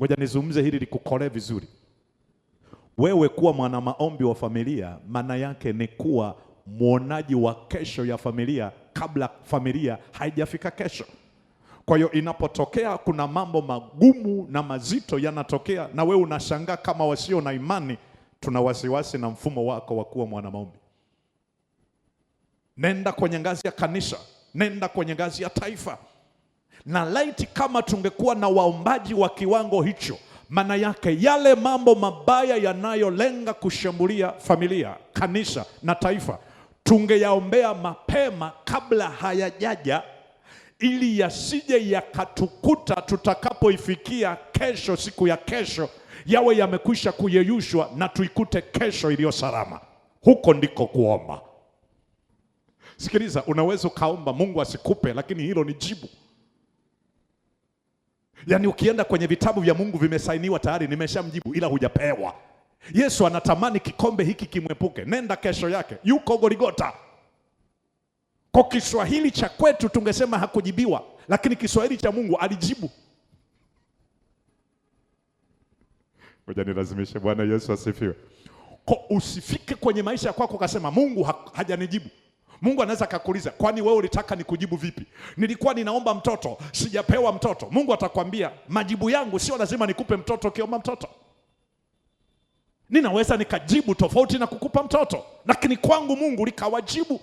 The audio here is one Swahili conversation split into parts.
Ngoja nizungumze hili likukolee vizuri. Wewe kuwa mwana maombi wa familia, maana yake ni kuwa mwonaji wa kesho ya familia kabla familia haijafika kesho. Kwa hiyo inapotokea kuna mambo magumu na mazito yanatokea, na wewe unashangaa kama wasio na imani, tuna wasiwasi na mfumo wako wa kuwa mwana maombi. Nenda kwenye ngazi ya kanisa, nenda kwenye ngazi ya taifa na laiti kama tungekuwa na waombaji wa kiwango hicho, maana yake yale mambo mabaya yanayolenga kushambulia familia, kanisa na taifa tungeyaombea mapema kabla hayajaja, ili yasije yakatukuta tutakapoifikia kesho, siku ya kesho, yawe yamekwisha kuyeyushwa na tuikute kesho iliyo salama. Huko ndiko kuomba. Sikiliza, unaweza ukaomba Mungu asikupe, lakini hilo ni jibu. Yaani ukienda kwenye vitabu vya Mungu vimesainiwa tayari, nimeshamjibu ila hujapewa. Yesu anatamani kikombe hiki kimwepuke. Nenda kesho yake, yuko Goligota. Kwa Kiswahili cha kwetu tungesema hakujibiwa, lakini Kiswahili cha Mungu alijibu. Ngoja nilazimishe. Bwana Yesu asifiwe. Kwa usifike kwenye maisha yako ukasema Mungu hajanijibu. Mungu anaweza akakuuliza, kwani wewe ulitaka nikujibu vipi? Nilikuwa ninaomba mtoto, sijapewa mtoto. Mungu atakwambia majibu yangu sio lazima nikupe mtoto. Ukiomba mtoto, ninaweza nikajibu tofauti na kukupa mtoto, lakini kwangu Mungu likawajibu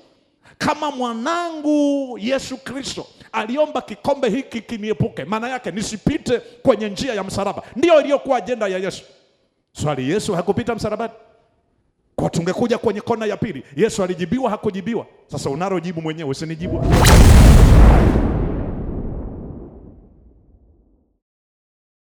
kama mwanangu Yesu Kristo aliomba kikombe hiki kiniepuke, maana yake nisipite kwenye njia ya msalaba. Ndiyo iliyokuwa ajenda ya Yesu. Swali, Yesu hakupita msalabani? kwa tungekuja kwenye kona ya pili. Yesu alijibiwa, hakujibiwa? Sasa jibu mwenyewe, usinijibu.